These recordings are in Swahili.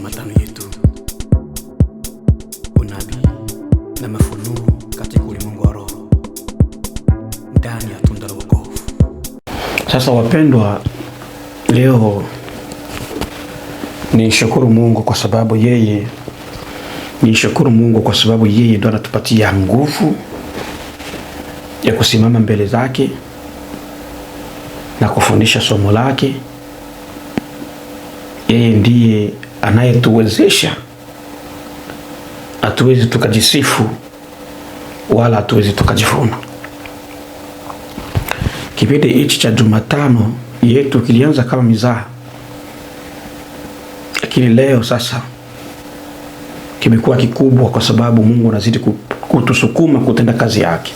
matano yetu. Unabii na mafunuo katika ulimwengu wa roho ndani ya tunda la wokovu. Sasa wapendwa, leo ni shukuru Mungu kwa sababu yeye ni shukuru Mungu kwa sababu yeye ndo anatupatia nguvu ya kusimama mbele zake na kufundisha somo lake. Yeye ndiye anayetuwezesha. Hatuwezi tukajisifu wala hatuwezi tukajivuna. Kipindi hichi cha Jumatano yetu kilianza kama mizaha, lakini leo sasa kimekuwa kikubwa, kwa sababu Mungu anazidi kutusukuma kutenda kazi yake.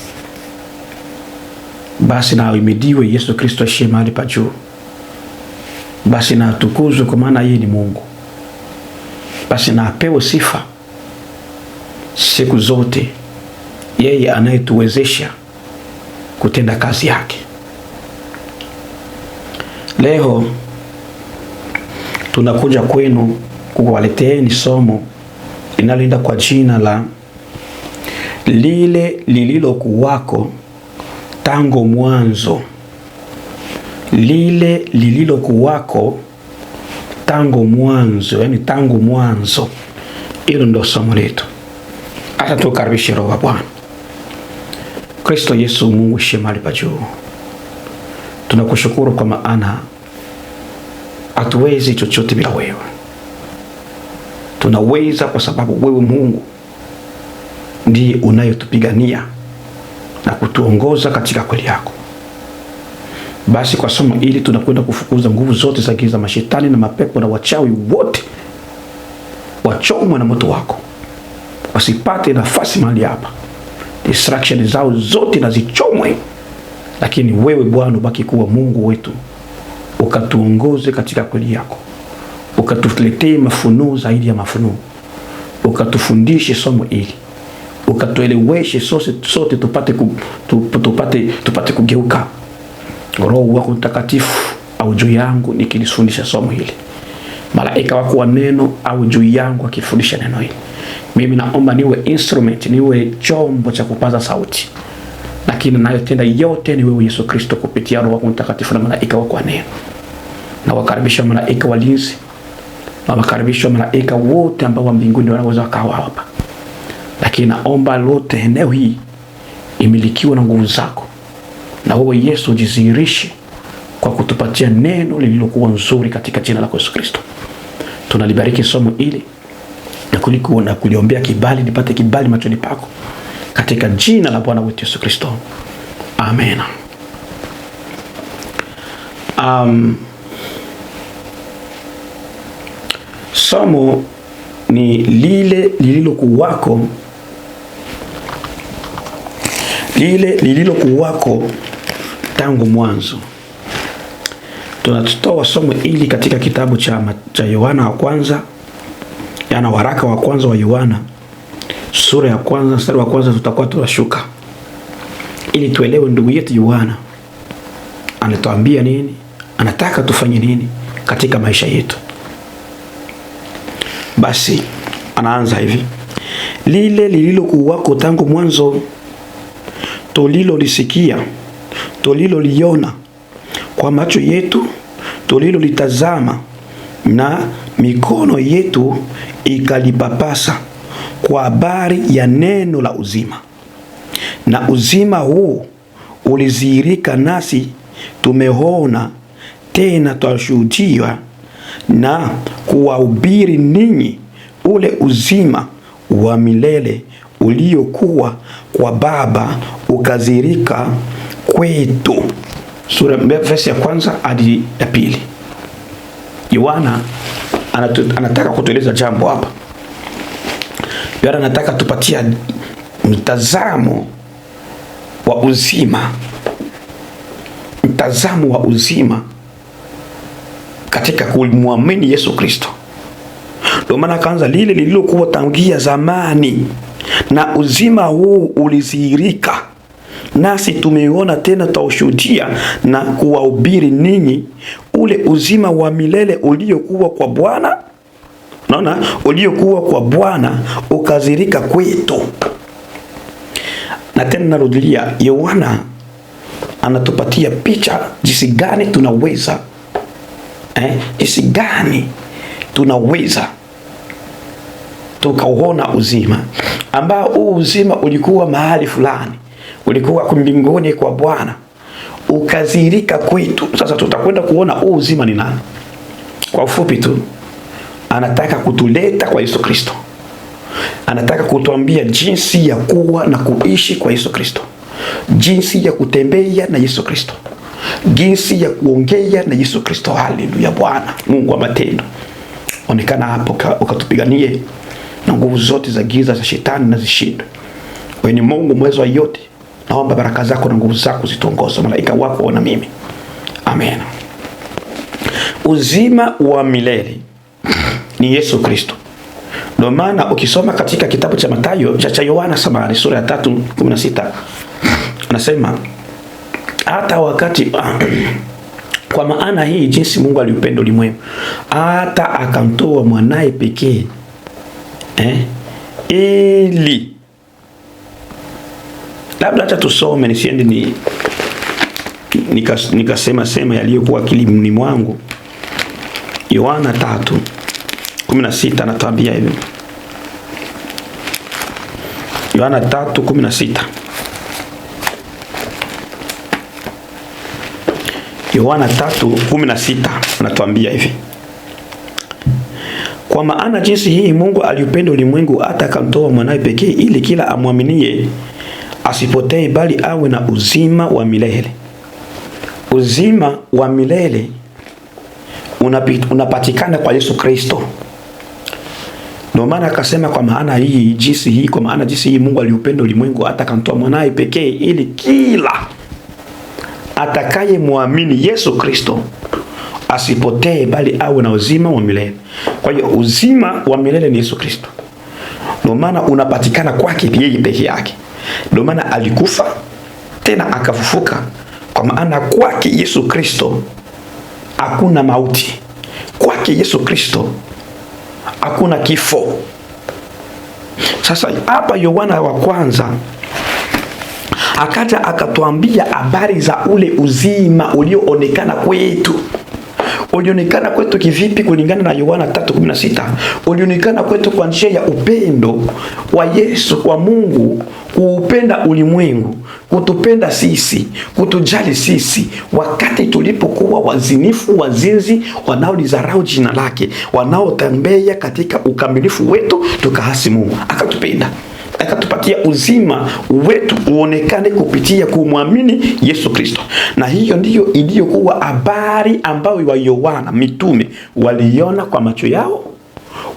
Basi na ahimidiwe Yesu Kristo ashie mahali pa juu. Basi na atukuzwe, kwa maana yeye ni Mungu basi na apewe sifa siku zote, yeye anayetuwezesha kutenda kazi yake. Leo tunakuja kwenu kuwaleteeni somo linaloenda kwa jina la lile lililokuwako tangu mwanzo, lile lililokuwako tangu mwanzo, yani tangu mwanzo. Hilo ndo somo letu. Hata tukaribishe roho wa Bwana Kristo Yesu. Mungu shemali pa juu, tunakushukuru kwa maana hatuwezi chochote bila wewe. Tunaweza kwa sababu wewe Mungu ndiye unayetupigania na kutuongoza katika kweli yako. Basi kwa somo hili tunakwenda kufukuza nguvu zote za giza, mashetani na mapepo na wachawi wote, wachomwe na moto wako, wasipate nafasi mahali hapa. Distraction zao zote na zichomwe, lakini wewe Bwana ubaki kuwa Mungu wetu, ukatuongoze katika kweli yako, ukatuletee mafunuo zaidi ya mafunuo, ukatufundishe somo hili, ukatueleweshe sote, sote tupate, ku, tupate, tupate kugeuka Roho wako Mtakatifu au juu yangu nikilifundisha somo hili, malaika wako wa neno au juu yangu akifundisha neno hili, mimi naomba niwe instrument, niwe chombo cha kupaza sauti, lakini nayotenda yote ni wewe Yesu Kristo, kupitia Roho wako Mtakatifu na malaika wako wa neno. Nawakaribisha malaika walinzi, nawakaribisha malaika wote ambao wa mbinguni wanaweza wakawa hapa, lakini naomba lote eneo hii imilikiwe na nguvu zako na wewe Yesu jidhihirishe kwa kutupatia neno lililokuwa nzuri katika jina lako Yesu Kristo. Tunalibariki somo ili na kuliko na kuliombea kibali, nipate kibali machoni pako katika jina la Bwana wetu Yesu Kristo, amen. Um, somo ni lile lililokuwako lile lililokuwako tangu mwanzo. Tunatoa somo hili katika kitabu cha, cha Yohana wa kwanza, yana waraka wa kwanza wa Yohana sura ya kwanza mstari wa kwanza tutakuwa tunashuka ili tuelewe ndugu yetu Yohana anatuambia nini, anataka tufanye nini katika maisha yetu. Basi anaanza hivi: lile lililokuwako tangu mwanzo, tulilolisikia tuliloliona kwa macho yetu, tulilolitazama na mikono yetu ikalipapasa, kwa habari ya neno la uzima. Na uzima huu ulizihirika, nasi tumeona tena twashuhudia na kuwahubiri ninyi ule uzima wa milele uliokuwa kwa Baba ukazirika kwetu, sura verse ya kwanza hadi ya pili. Yohana anataka kutueleza jambo hapa. Yohana anataka tupatia mtazamo wa uzima, mtazamo wa uzima katika kumwamini Yesu Kristo. Ndio maana akaanza lile lililokuwa tangia zamani, na uzima huu ulizihirika nasi tumeona tena twaushuhudia na kuwahubiri ninyi ule uzima wa milele uliokuwa kwa Bwana. Naona uliokuwa kwa Bwana ukazirika kwetu. Na tena narudilia, Yohana anatupatia picha jinsi gani tunaweza eh, jinsi gani tunaweza tukauona uzima ambao huu uzima ulikuwa mahali fulani ulikuwa mbinguni kwa Bwana ukazirika kwetu. Sasa tutakwenda kuona huu uzima ni nani. Kwa ufupi tu, anataka kutuleta kwa Yesu Kristo, anataka kutuambia jinsi ya kuwa na kuishi kwa Yesu Kristo, jinsi ya kutembea na Yesu Kristo, jinsi ya kuongea na Yesu Kristo. Haleluya! Bwana Mungu wa matendo, onekana hapo ukatupiganie na nguvu zote za giza za shetani na zishindwe. Wewe ni Mungu mwezo wa yote naomba baraka zako na nguvu zako zitongoze malaika wako na mimi amen. Uzima wa milele ni Yesu Kristo. Ndio maana ukisoma katika kitabu cha Mathayo cha Yohana samani sura ya 3:16 anasema hata wakati ah, kwa maana hii jinsi Mungu aliupenda ulimwengu hata akamtoa mwanaye pekee eh, ili labda hata tusome nisiende ni nikasema nika sema yaliyokuwa akilini mwangu. Yohana 3:16 anatuambia hivi. Yohana 3:16. Yohana 3:16 anatuambia hivi. Kwa maana jinsi hii Mungu aliupenda ulimwengu hata akamtoa mwanawe pekee ili kila amwaminie asipotee, bali awe na uzima wa milele. Uzima wa milele unapatikana kwa Yesu Kristo. Ndio maana akasema, kwa maana hii jinsi hii, kwa maana jinsi hii Mungu aliupenda ulimwengu hata akamtoa mwanaye pekee, ili kila atakaye muamini Yesu Kristo asipotee, bali awe na uzima wa milele. Kwa hiyo uzima wa milele ni Yesu Kristo, ndio maana unapatikana kwake yeye peke yake. Ndio maana alikufa tena akafufuka, kwa maana kwake Yesu Kristo hakuna mauti, kwake Yesu Kristo hakuna kifo. Sasa hapa Yohana wa kwanza akaja akatuambia habari za ule uzima ulioonekana kwetu. Ulionekana kwetu kivipi? Kulingana na Yohana 3:16, ulionekana kwetu kwa njia ya upendo wa Yesu kwa Mungu kuupenda ulimwengu, kutupenda sisi, kutujali sisi, wakati tulipokuwa wazinifu, wazinzi, wanaolizarau jina lake, wanaotembea katika ukamilifu wetu, tukahasi Mungu akatupenda akatupatia uzima wetu uonekane kupitia kumwamini Yesu Kristo. Na hiyo ndiyo iliyokuwa habari ambayo wa Yohana mitume waliona kwa macho yao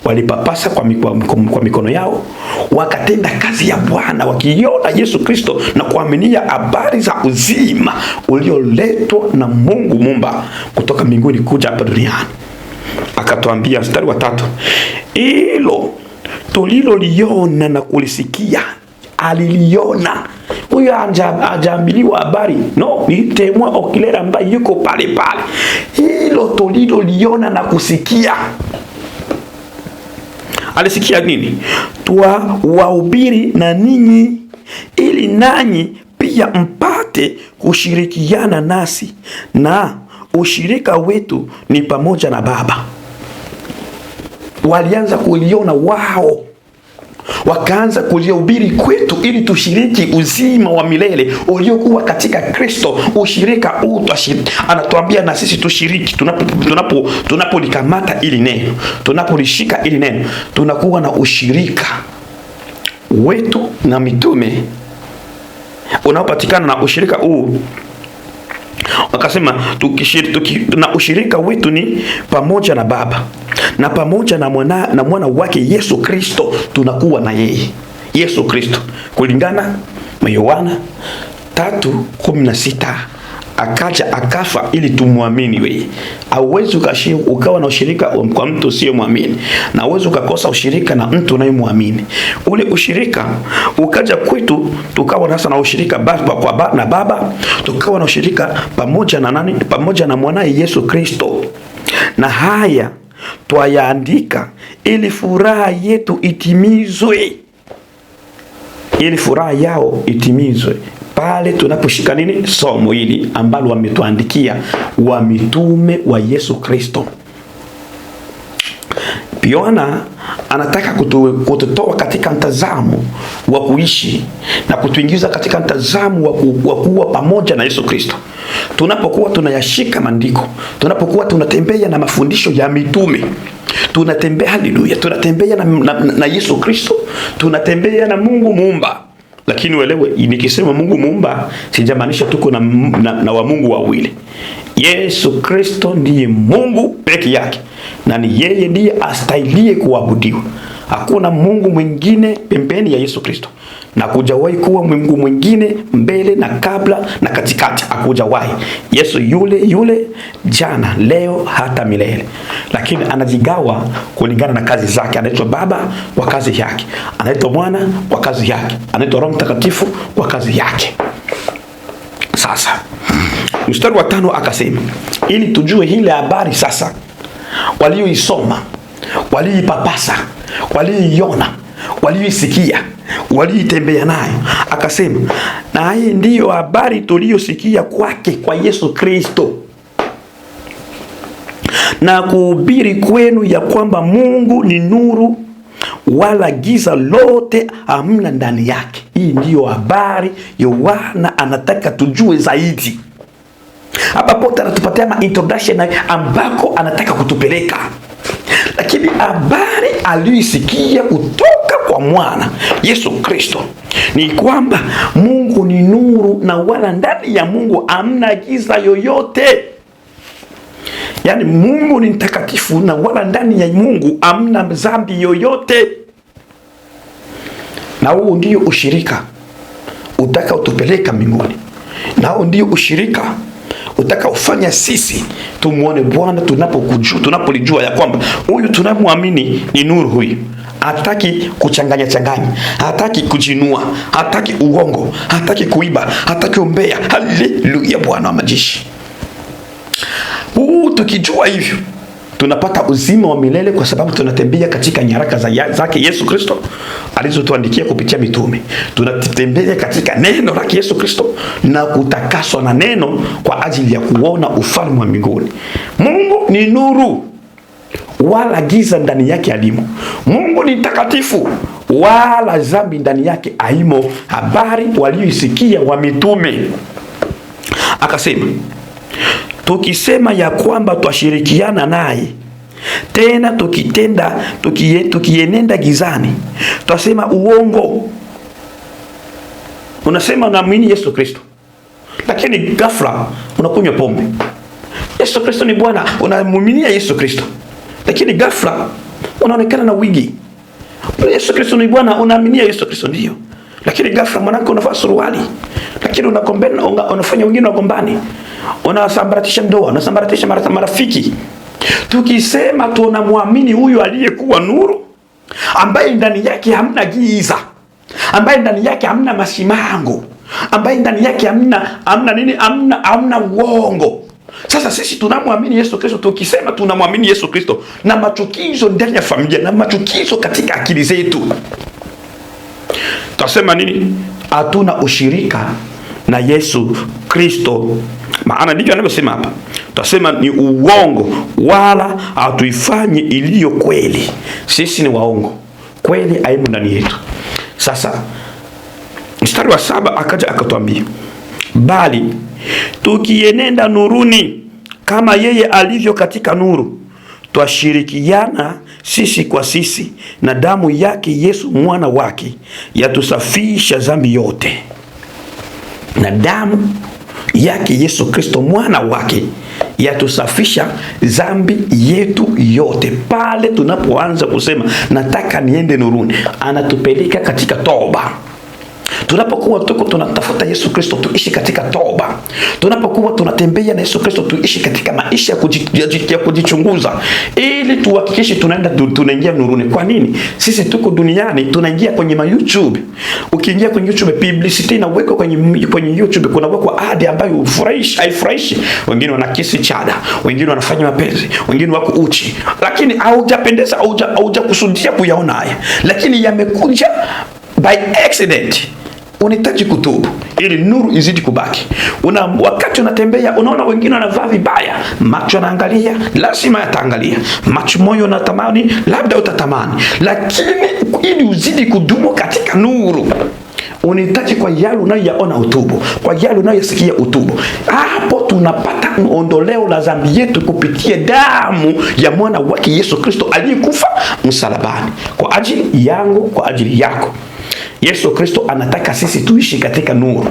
walipapasa kwa, kwa, kwa mikono yao, wakatenda kazi ya Bwana wakiona Yesu Kristo na kuaminia habari za uzima ulioletwa na Mungu mumba kutoka mbinguni kuja hapa duniani. Akatuambia mstari wa tatu, hilo tuliloliona na kulisikia aliliona huyo hajaambiliwa habari no, ni Temwa okilera ambaye yuko pale pale. Hilo tuliloliona na kusikia alisikia nini? Twa waubiri na ninyi ili nanyi pia mpate kushirikiana nasi, na ushirika wetu ni pamoja na Baba. Walianza kuliona wao wakaanza kulihubiri kwetu ili tushiriki uzima wa milele uliokuwa katika Kristo. Ushirika huu anatuambia na sisi tushiriki, tunapolikamata tunapo, tunapo ili neno tunapolishika ili neno tunakuwa na ushirika wetu na mitume unaopatikana na ushirika huu Wakasema tukishir, tuki, na ushirika wetu ni pamoja na Baba na pamoja na mwana, na mwana wake Yesu Kristo, tunakuwa na yeye Yesu Kristo kulingana na Yohana 3:16 akacha akafa ili tumwamini wewe. Auwezi ukawa na ushirika kwa mtu muamini, na uwezi ukakosa ushirika na mtu unayemwamini. Ule ushirika ukaja kwetu, tukawa sasa na ushirika baba kwa ba, na baba tukawa na ushirika pamoja na nani? Pamoja na mwanaye Yesu Kristo, na haya twayaandika ili furaha yetu itimizwe, ili furaha yao itimizwe pale tunaposhika nini somo hili ambalo wametuandikia wa mitume wa Yesu Kristo. Yohana anataka kutu, kututoa katika mtazamo wa kuishi na kutuingiza katika mtazamo wa kuwa pamoja na Yesu Kristo. Tunapokuwa tunayashika maandiko, tunapokuwa tunatembea na mafundisho ya mitume, tunatembea haleluya, tunatembea na, na, na Yesu Kristo, tunatembea na Mungu muumba lakini uelewe, nikisema Mungu muumba sijamaanisha tuko na, na, na wa Mungu wawili. Yesu Kristo ndiye Mungu peke yake na ni yeye ndiye astahiliye kuabudiwa. Hakuna Mungu mwingine pembeni ya Yesu Kristo na kujawahi kuwa Mungu mwingine mbele na kabla na katikati, akujawahi. Yesu yule yule jana, leo, hata milele, lakini anajigawa kulingana na kazi zake. Anaitwa Baba kwa kazi yake, anaitwa Mwana kwa kazi yake, anaitwa Roho Mtakatifu kwa kazi yake. Sasa mstari wa tano akasema, ili tujue ile habari sasa walioisoma walioipapasa walioiona walioisikia waliitembea nayo, akasema na hii ndiyo habari tuliyosikia kwake kwa Yesu Kristo na kuhubiri kwenu ya kwamba Mungu ni nuru wala giza lote hamna ndani yake. Hii ndiyo habari Yohana anataka tujue zaidi. Hapa pote anatupatia ma introduction ambako anataka kutupeleka lakini habari aliyoisikia kutoka kwa mwana Yesu Kristo ni kwamba Mungu ni nuru na wala ndani ya Mungu hamna giza yoyote. Yaani Mungu ni mtakatifu na wala ndani ya Mungu hamna dhambi yoyote. Na huu ndio ushirika utakaotupeleka mbinguni, na huu ndio ushirika utakaofanya sisi tumwone Bwana tunapokujua, tunapolijua ya kwamba huyu tunamwamini ni nuru huyu hataki kuchanganya changanya, hataki kujinua, hataki uongo, hataki kuiba, hataki umbea. Haleluya, Bwana wa majeshi. Huu tukijua hivyo tunapata uzima wa milele, kwa sababu tunatembea katika nyaraka za zake Yesu Kristo alizotuandikia kupitia mitume. Tunatembea katika neno la Yesu Kristo na kutakaswa na neno kwa ajili ya kuona ufalme wa mbinguni. Mungu ni nuru wala giza ndani yake alimo Mungu ni mtakatifu wala dhambi ndani yake aimo Habari walioisikia wa mitume, akasema tukisema ya kwamba twashirikiana naye tena tukitenda tukie, tukienenda gizani twasema uongo. Unasema unaamini Yesu Kristo, lakini ghafla unakunywa pombe. Yesu Kristo ni Bwana, unamuminia Yesu Kristo, lakini ghafla unaonekana na wigi. Yesu Kristo ni Bwana, unaaminia Yesu Kristo ndio, lakini ghafla mwanako unavaa suruali, lakini unakombana, unafanya wengine wagombani, unasambaratisha ndoa, unasambaratisha marafiki Tukisema tunamwamini huyu aliyekuwa nuru, ambaye ndani yake hamna giza, ambaye ndani yake hamna masimango, ambaye ndani yake hamna hamna nini, hamna hamna uongo. Sasa sisi tunamwamini Yesu Kristo. Tukisema tunamwamini Yesu Kristo na machukizo ndani ya familia na machukizo katika akili zetu, tasema nini? Hatuna ushirika na Yesu Kristo. Maana ndicho anavyosema hapa, tutasema ni uongo, wala hatuifanyi iliyo kweli. Sisi ni waongo, kweli haimo ndani yetu. Sasa mstari wa saba akaja akatwambia, bali tukienenda nuruni kama yeye alivyo katika nuru, twashirikiana sisi kwa sisi na damu yake Yesu mwana wake yatusafisha dhambi yote na damu yake Yesu Kristo mwana wake yatusafisha zambi yetu yote. Pale tunapoanza kusema nataka niende nuruni, anatupeleka katika toba. Tunapokuwa tuko tunatafuta Yesu Kristo, tuishi katika toba. Tunapokuwa tunatembea na Yesu Kristo, tuishi katika maisha ya kujichunguza, ili tuhakikishe tunaenda tunaingia nuruni. Kwa nini sisi tuko duniani? Tunaingia kwenye ma YouTube. Ukiingia kwenye YouTube, publicity inawekwa kwenye kwenye YouTube, kuna wekwa ad ambayo ufurahishi haifurahishi. Wengine wana kisi chada, wengine wanafanya mapenzi, wengine wako uchi, lakini haujapendeza, haujakusudia kuyaona haya, lakini yamekuja by accident unahitaji kutubu ili nuru izidi kubaki. Una wakati unatembea unaona wengine wanavaa vibaya, macho yanaangalia, lazima yataangalia, macho moyo unatamani, labda utatamani, lakini ili uzidi kudumu katika nuru unahitaji kwa yale unayoyaona utubu, kwa yale unayoyasikia utubu. Hapo tunapata ondoleo la dhambi yetu kupitia damu ya mwana wake Yesu Kristo aliyekufa msalabani kwa ajili yangu, kwa ajili yako. Yesu Kristo anataka sisi tuishi katika nuru.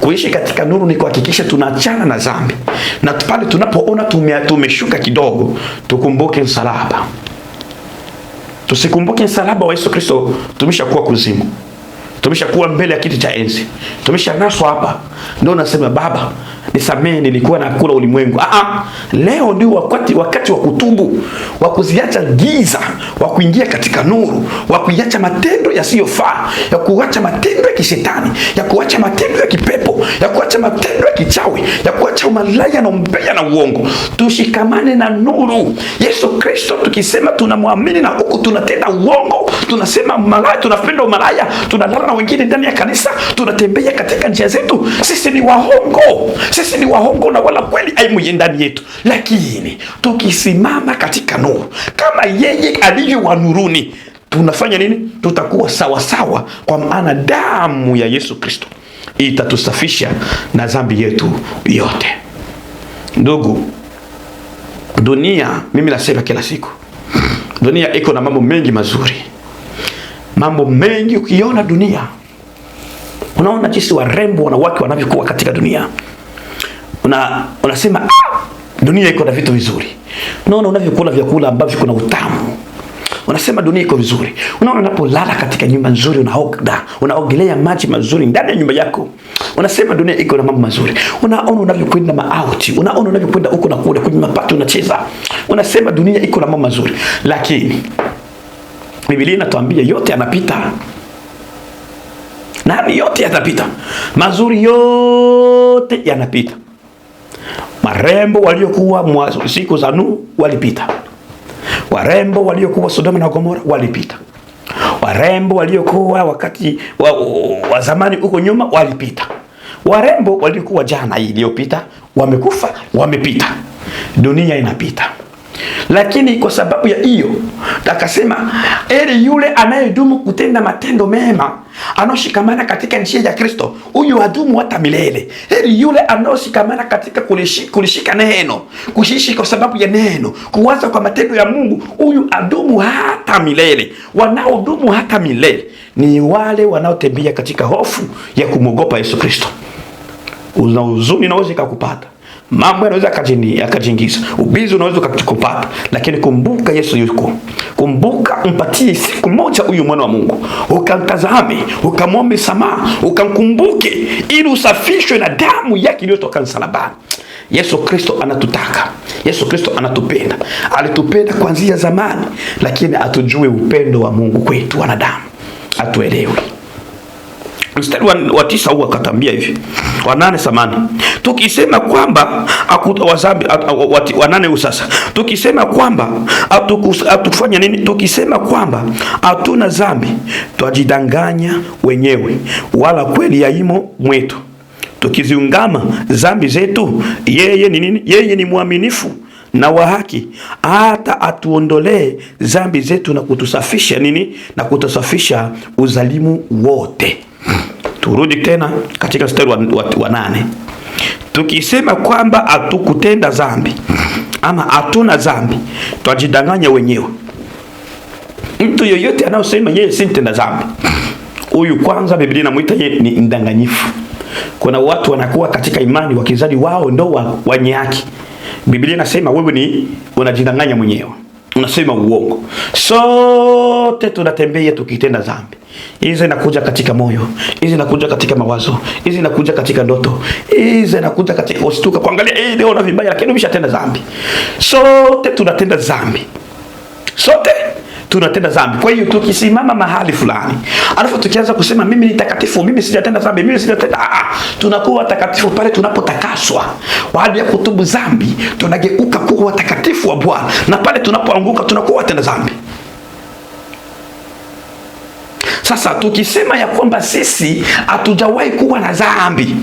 Kuishi katika nuru ni kuhakikisha tunaachana na zambi, na pale tunapoona tumeshuka kidogo, tukumbuke msalaba. Tusikumbuke msalaba wa Yesu Kristo, tumeshakuwa kuzimu tumeshakuwa mbele ya kiti cha enzi, tumeshanaswa hapa. Ndio nasema Baba nisamehe, nilikuwa na kula ulimwengu. Ah, ah, leo ndio wakati, wakati wa kutubu, wa kuziacha giza, wa kuingia katika nuru, wa kuiacha matendo yasiyofaa, ya kuacha matendo ya kishetani, ya kuacha matendo ya kipepo, ya kuacha matendo ya kichawi, ya kuacha umalaya na umbea na uongo. Tushikamane na nuru Yesu Kristo, tukisema tunamwamini na huku tunatenda uongo tunasema malaya, tunapenda umalaya, tunalala na wengine ndani ya kanisa, tunatembea katika njia zetu. Sisi ni wahongo, sisi ni wahongo na wala kweli aimuye ndani yetu, lakini tukisimama katika nuru kama yeye alivyo wa nuruni, tunafanya nini? Tutakuwa sawasawa sawa, kwa maana damu ya Yesu Kristo itatusafisha na dhambi yetu yote. Ndugu, dunia, mimi nasema kila siku, dunia iko na mambo mengi mazuri Mambo mengi ukiona dunia, unaona jinsi warembo wanawake wanavyokuwa katika dunia, una unasema ah, dunia iko na vitu vizuri. Unaona unavyokula vyakula ambavyo kuna utamu, unasema dunia iko vizuri. Unaona unapolala katika nyumba nzuri, unaoga, unaogelea maji mazuri ndani ya nyumba yako, unasema dunia iko na mambo mazuri. Unaona unavyokwenda maauti, unaona unavyokwenda huko na kule kwenye mapato, unacheza, unasema dunia iko na mambo mazuri, lakini Biblia inatuambia yote yanapita, na yote yanapita, mazuri yote yanapita. Marembo waliokuwa siku za Nuhu walipita, warembo waliokuwa Sodoma na Gomora walipita, warembo waliokuwa wakati wa, wa zamani huko nyuma walipita, warembo waliokuwa jana iliyopita wamekufa, wamepita. Dunia inapita. Lakini kwa sababu ya hiyo akasema, eli yule anayedumu kutenda matendo mema, anaoshikamana katika njia ya Kristo, huyu adumu hata milele. Heri yule anaoshikamana katika kulishika, kulishika neno, kushishi kwa sababu ya neno, kuwaza kwa matendo ya Mungu, huyu adumu hata milele. Wanaodumu hata milele ni wale wanaotembea katika hofu ya kumwogopa Yesu Kristo. Una huzuni naweza ikakupata mambo yanaweza yakajiingiza, ubizi unaweza ukakupata, lakini kumbuka Yesu yuko. Kumbuka umpatie siku moja huyu mwana wa Mungu, ukamtazame, ukamwombe samaha, ukamkumbuke ili usafishwe na damu yake iliyotoka msalabani. Yesu Kristo anatutaka. Yesu Kristo anatupenda, alitupenda kuanzia zamani, lakini atujue upendo wa Mungu kwetu wanadamu, atuelewe. Mstari wa tisa huu akatambia hivi wanane samani, tukisema kwamba wanane huu sasa, tukisema kwamba atufanya nini? Tukisema kwamba hatuna zambi, twajidanganya wenyewe, wala kweli yaimo mwetu. Tukiziungama zambi zetu, yeye ni nini? Yeye ni mwaminifu na wa haki hata atuondolee zambi zetu na kutusafisha nini? Na kutusafisha uzalimu wote. Turudi tena katika mstari wa, wa, wa nane. Tukisema kwamba hatukutenda zambi ama hatuna zambi twajidanganya wenyewe. Mtu yoyote anayosema yeye si mtenda zambi, huyu kwanza Biblia inamuita yeye ni mdanganyifu. Kuna watu wanakuwa katika imani wakizali wao ndo wenye haki. Biblia inasema wewe ni unajidanganya mwenyewe unasema uongo. Sote tunatembea tukitenda dhambi. hizi, inakuja katika moyo, hizi inakuja katika mawazo, hizi inakuja katika ndoto, hizi inakuja katika usituka kuangalia, hii, eh, leo na vibaya, lakini umeshatenda dhambi. Sote tunatenda dhambi, sote tunatenda dhambi. Kwa hiyo tukisimama mahali fulani, alafu tukianza kusema mimi ni takatifu, mimi sijatenda dhambi, mimi sijatenda ah, ah tunakuwa takatifu pale tunapotakaswa. Baada ya kutubu dhambi, tunageuka kuwa takatifu wa Bwana, na pale tunapoanguka tunakuwa watenda dhambi. Sasa tukisema ya kwamba sisi hatujawahi kuwa na dhambi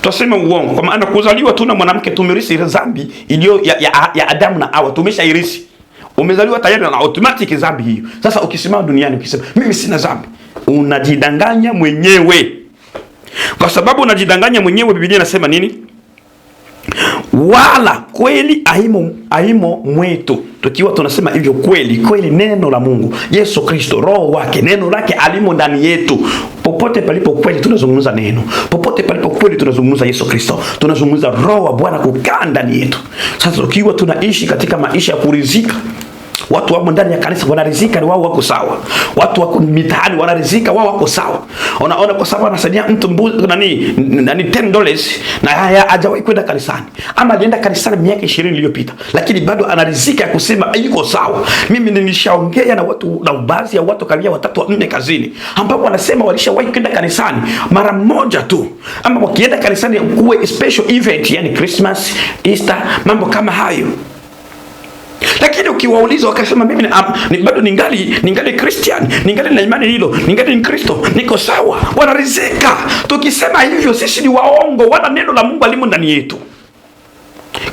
twasema uongo, kwa maana kuzaliwa tu na mwanamke tumerisi ile dhambi iliyo ya, ya, ya Adamu na Hawa, tumeshairisi. Umezaliwa tayari na automatic dhambi hiyo. Sasa ukisimama duniani ukisema mimi sina dhambi, unajidanganya mwenyewe, kwa sababu unajidanganya mwenyewe. Biblia inasema nini? Wala kweli aimo, aimo mwetu. Tukiwa tunasema hivyo kweli kweli, neno la Mungu Yesu Kristo, roho wake, neno lake alimo ndani yetu. Popote palipo kweli tunazungumza neno, popote palipo kweli tunazungumza Yesu Kristo, tunazungumza roho wa Bwana kukaa ndani yetu. Sasa tukiwa tunaishi katika maisha ya kuridhika Watu wamo ndani ya kanisa wanarizika, ni wao wako sawa. Watu wako mitaani wanarizika, wao wako sawa. Unaona, kwa sababu anasaidia mtu mbuzi nani nani 10 dollars na haya, hajawahi kwenda kanisani ama alienda kanisani miaka 20 iliyopita, lakini bado anarizika kusema yuko sawa. Mimi nilishaongea na watu na baadhi ya watu kalia watatu wa nne kazini ambao wanasema walishawahi kwenda kanisani mara moja tu, ama wakienda kanisani kuwe special event, yani Christmas, Easter, mambo kama hayo lakini ukiwauliza wakasema mimi bado ningali ningali Christian, ningali na imani hilo, ningali Kristo, niko sawa, wanarizeka. Tukisema hivyo sisi ni waongo, wala neno la Mungu alimo ndani yetu,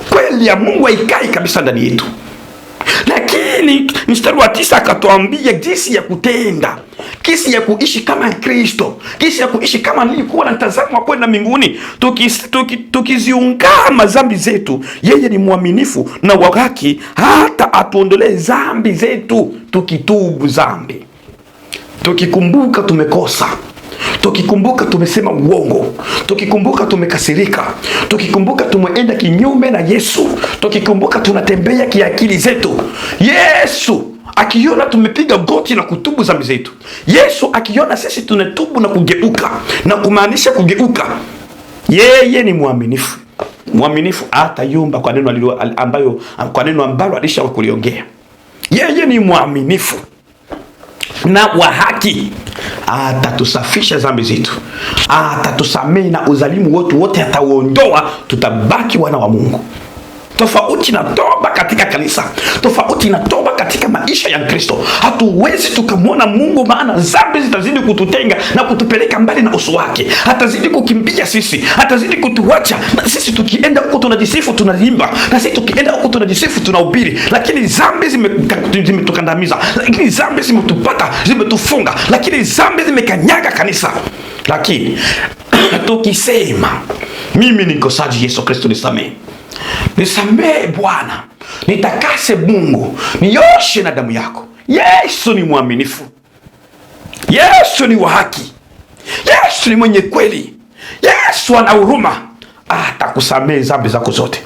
kweli ya Mungu haikai kabisa ndani yetu, lakini Then mstari wa tisa akatuambia jinsi ya kutenda, jinsi ya kuishi kama Kristo, jinsi ya kuishi kama nilikuwa na mtazamo wa kwenda mbinguni, tukiziungama tuki, tuki madhambi zetu. Yeye ni mwaminifu na wa haki hata atuondolee zambi zetu, tukitubu zambi tukikumbuka tumekosa Tukikumbuka tumesema uongo, tukikumbuka tumekasirika, tukikumbuka tumeenda kinyume na Yesu, tukikumbuka tunatembea kiakili zetu, Yesu akiona tumepiga goti na kutubu zambi zetu, Yesu akiona sisi tunatubu na kugeuka na kumaanisha kugeuka, yeye ni mwaminifu, mwaminifu yumba kwa neno alilo, ambayo, kwa neno ambalo alishawahi kuliongea. Yeye ni mwaminifu na wa haki atatusafisha zambi zetu, atatusamehe na uzalimu wote wote atauondoa, tutabaki wana wa Mungu tofauti na toba katika kanisa, tofauti na toba katika maisha ya Kristo. Hatuwezi tukamwona Mungu, maana dhambi zitazidi kututenga na kutupeleka mbali na uso wake. Hatazidi kukimbia sisi, hatazidi kutuacha na sisi. Tukienda huko tunajisifu, tunaimba, na sisi tukienda huko tunajisifu, tunahubiri, lakini dhambi zimetukandamiza, lakini dhambi zimetupata, zimetufunga, lakini dhambi zimekanyaga kanisa. Lakini tukisema mimi ni mkosaji, Yesu Kristo nisamehe nisamehe Bwana, nitakase Mungu, nioshe na damu yako. Yesu ni mwaminifu, Yesu ni wa haki, Yesu ni mwenye kweli, Yesu ana huruma. Atakusamehe dhambi zako zote,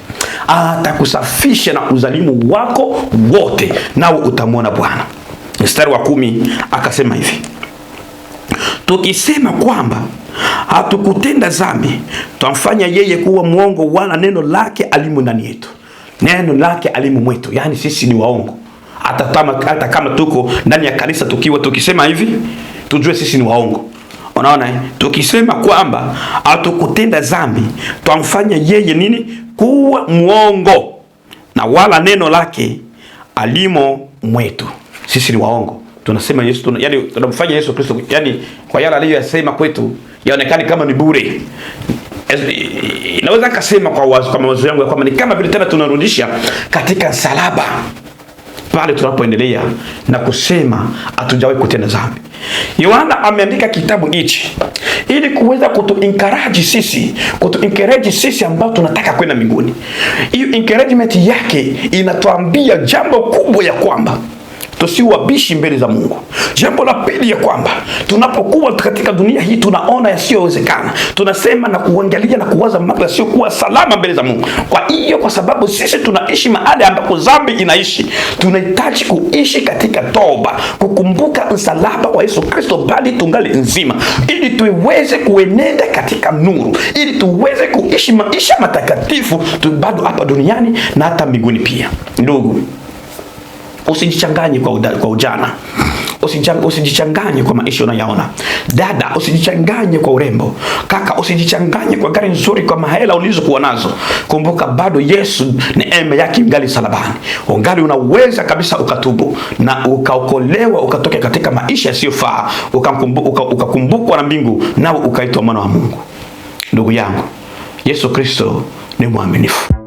atakusafisha na udhalimu wako wote, nawe utamwona Bwana. Mstari wa kumi akasema hivi Tukisema kwamba hatukutenda zambi twamfanya yeye kuwa mwongo, wala neno lake alimo ndani yetu. Neno lake alimo mwetu, yaani sisi ni waongo. Hata kama, hata kama tuko ndani ya kanisa tukiwa tukisema hivi, tujue sisi ni waongo. Unaona, eh? tukisema kwamba hatukutenda zambi twamfanya yeye nini? Kuwa mwongo, na wala neno lake alimo mwetu. Sisi ni waongo tunasema Yesu tuna, yani tunamfanya Yesu Kristo yani kwa yale aliyoyasema kwetu yaonekane kama ni bure. Naweza nikasema kwa wazo kwa mawazo yangu ya kwamba ni kama vile tena tunarudisha katika msalaba pale tunapoendelea na kusema hatujawahi kutenda dhambi. Yohana ameandika kitabu hichi ili kuweza kutu encourage sisi, kutu encourage sisi ambao tunataka kwenda mbinguni. Hiyo encouragement yake inatuambia jambo kubwa ya kwamba tusiuabishi mbele za Mungu. Jambo la pili ya kwamba tunapokuwa katika dunia hii tunaona yasiyowezekana, tunasema na kuangalia na kuwaza mambo yasiyokuwa salama mbele za Mungu. Kwa hiyo, kwa sababu sisi tunaishi mahali ambapo dhambi inaishi, tunahitaji kuishi katika toba, kukumbuka msalaba wa Yesu Kristo bali tungali nzima, ili tuweze kuenenda katika nuru, ili tuweze kuishi maisha matakatifu tu bado hapa duniani na hata mbinguni pia, ndugu Usijichanganye kwa, kwa ujana usijichanganye kwa maisha unayaona. Dada, usijichanganye kwa urembo. Kaka, usijichanganye kwa gari nzuri, kwa mahela ulizokuwa nazo. Kumbuka bado Yesu neema yake ingali salabani, ungali unaweza kabisa ukatubu na ukaokolewa, ukatoka katika maisha yasiyofaa, ukakumbukwa uka, uka na mbingu, nawe ukaitwa mwana wa Mungu. Ndugu yangu, Yesu Kristo ni mwaminifu.